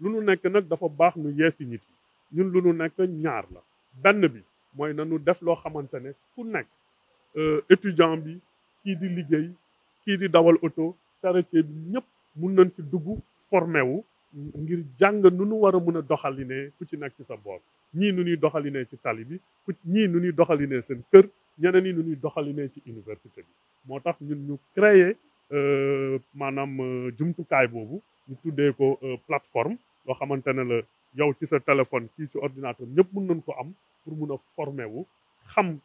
lu nu nekk nag dafa baax nu yeesi nit yi ñun lu nu nekk ñaar la benn bi mooy na nu def loo xamante ne ku nekk euh, étudiant bi kii di liggéey kii di dawal oto charretier bi ñëpp mun nañ ci dugg formé ngir jàng nu nu war a mun a doxalinee ku ci nekk ci sa boor ñii nu ñuy doxalinee ci tali bi ku ñii nu ñuy doxalinee seen kër ñeneen ñi nu ñuy doxalinee ci université bi moo tax ñun ñu créer Euh, maanaam euh, jumtukaay boobu ñu tuddee ko euh, plateforme loo xamante ne la yow ci sa téléphone kii ci ordinateur ñëpp mën nañ ko am pour mun a former wu xam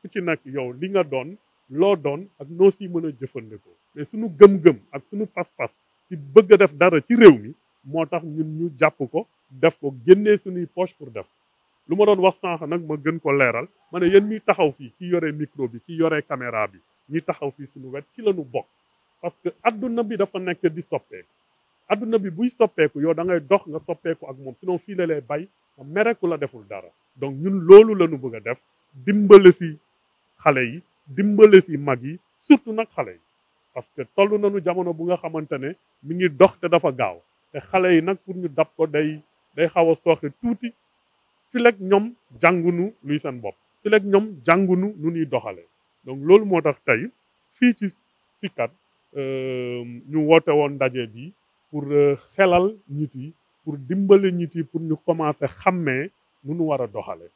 ku ci nag yow li nga doon loo doon ak noo si mën a jëfandikoo mais suñu gëm-gëm ak suñu pas-pas ci bëgg a def dara ci réew mi moo tax ñun ñu jàpp ko def ko génnee suñuy poche pour def lu ma doon wax sànq nag ma gën ko leeral ma ne yéen ñuy taxaw fii ki yore micro bi ci yore caméra bi ñuy taxaw fii sunu wet ci lañu bokk parce que adduna bi dafa nekk di soppeeku adduna bi buy soppeeku yow da ngay dox nga soppeeku ak moom sinon noo la lay bay nga mereku la deful dara donc ñun loolu la ñu bëgg a def dimbale si xale yi dimbale si mag yi surtout nag xale yi parce que toll nañu jamono bu nga xamante ne mi ngi dox te dafa gaaw te xale yi nag pour ñu dab ko day day xaw a sooxe tuuti fi lekk ñoom jàngunu luy seen bopp fi ñoom jàngunu nu ñuy doxalee donc loolu moo tax tey fii ci sikkat Euh, ñu woote woon ndaje bi pour euh, xelal nit yi pour dimbale nit yi pour ñu commencé xàmmee nu war a doxale